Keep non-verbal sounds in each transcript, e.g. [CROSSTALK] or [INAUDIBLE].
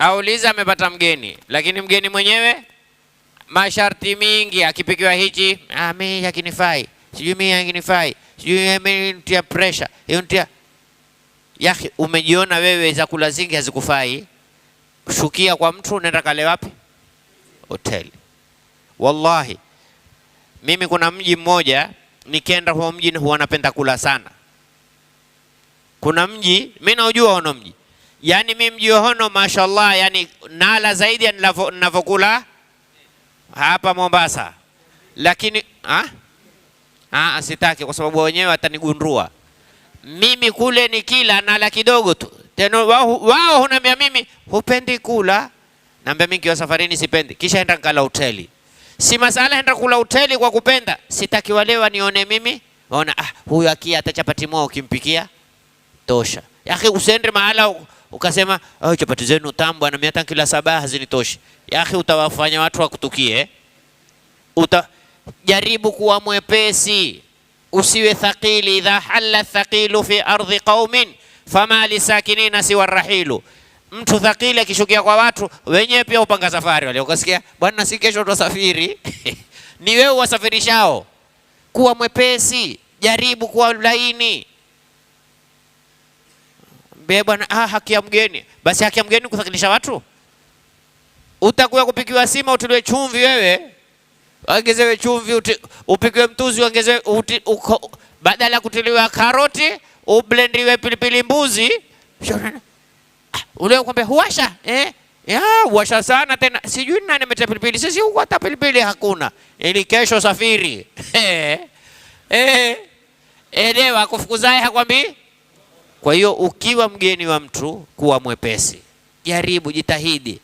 aulize amepata mgeni, lakini mgeni mwenyewe masharti mingi, akipikiwa hichi ah, mimi yakinifai sijui mimi yakinifai sijui mimi nitia pressure hiyo, nitia ya Umejiona wewe kula zingi hazikufai, shukia kwa mtu, unaenda kale wapi? Hoteli. Wallahi mimi kuna mji mmoja nikienda huo mji huwa napenda kula sana. Kuna mji mimi naujua huo mji yani mimi hono mashallah, yani nala zaidi ya ninavyokula hapa Mombasa, lakini ha? Ha, sitaki kwa sababu wenyewe watanigundua mimi kule ni kila nala kidogo tu tena, wao wao hunambia mimi hupendi kula, naambia mimi kiwa safarini sipendi, kisha enda nikala hoteli. Si masala enda kula hoteli kwa kupenda, sitaki walewa nione mimi waona, ah, huyu akia hata chapati moja ukimpikia tosha. Yake usiende mahala ukasema oh, chapati zenu tambwa na miata kila saba hazinitoshi. Ya akhi, utawafanya watu wakutukie. Utajaribu kuwa mwepesi, usiwe thakili. Idha halla thaqilu fi ardhi qaumin fama lisakinina siwa rahilu. Mtu thakili akishukia kwa watu wenyewe pia upanga safari wale, ukasikia bwana, si kesho tusafiri [LAUGHS] ni wewe wasafirishao. Kuwa mwepesi, jaribu kuwa laini. Mwambie bwana, ah, haki ya mgeni. Basi haki ya mgeni kusakilisha watu, utakuwa kupikiwa sima utiwe chumvi, wewe ongezewe chumvi, uti, upikiwe mtuzi ongezewe, badala ya kutiliwa karoti ublendiwe pilipili mbuzi. Ule ukwambia huwasha eh? Ya, huwasha sana tena, sijui nani ametia pilipili. Sisi huko hata pilipili hakuna, ili kesho safiri. [LAUGHS] Eh, eh, elewa kufukuzaye hakwambii kwa hiyo ukiwa mgeni wa mtu kuwa mwepesi, jaribu, jitahidi.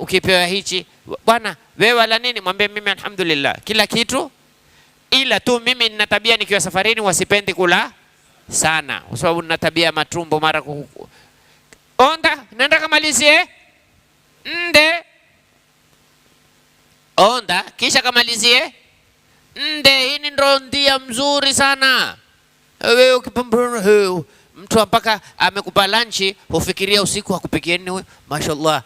Ukipewa hichi, bwana wewe wala nini, mwambie mimi alhamdulillah, kila kitu, ila tu mimi nina tabia nikiwa safarini, wasipendi kula sana, kwa sababu nina tabia matumbo mara kuku. Onda nenda kamalizie nde onda, kisha kamalizie nde. Hii ni ndondia mzuri sana wewe mtu mpaka amekupa lunch hufikiria usiku hakupikia nini huyo mashallah,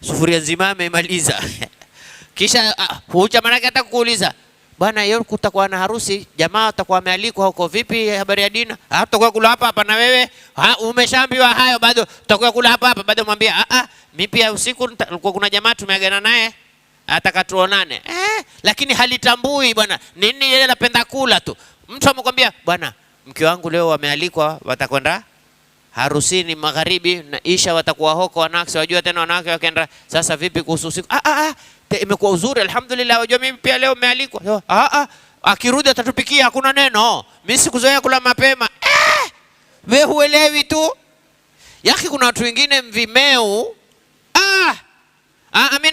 sufuria nzima amemaliza. [LAUGHS] Kisha ah, huja uh, manake hata kukuuliza bwana, yeye kutakuwa na harusi, jamaa atakuwa amealikwa huko, vipi habari ya dina? Ah, hatakuwa kula hapa hapa na wewe. Ha, ah, umeshaambiwa hayo bado tutakuwa kula hapa hapa bado. Mwambie a a mimi pia usiku nilikuwa kuna jamaa tumeagana naye atakatuonane Eh, lakini halitambui bwana nini, yeye anapenda kula tu. Mtu amekwambia bwana mke wangu leo wamealikwa, watakwenda harusini magharibi na isha watakuwa hoko wanawake, wajua tena wanawake wakaenda. Sasa vipi kuhusu usiku? Ah, ah, ah imekuwa uzuri, alhamdulillah. Wajua mimi pia leo mealikwa. Ah, ah, akirudi atatupikia, hakuna neno. Mimi sikuzoea kula mapema. Eh, wewe huelewi tu yaki, kuna watu wengine mvimeu. Ah, ah, amina.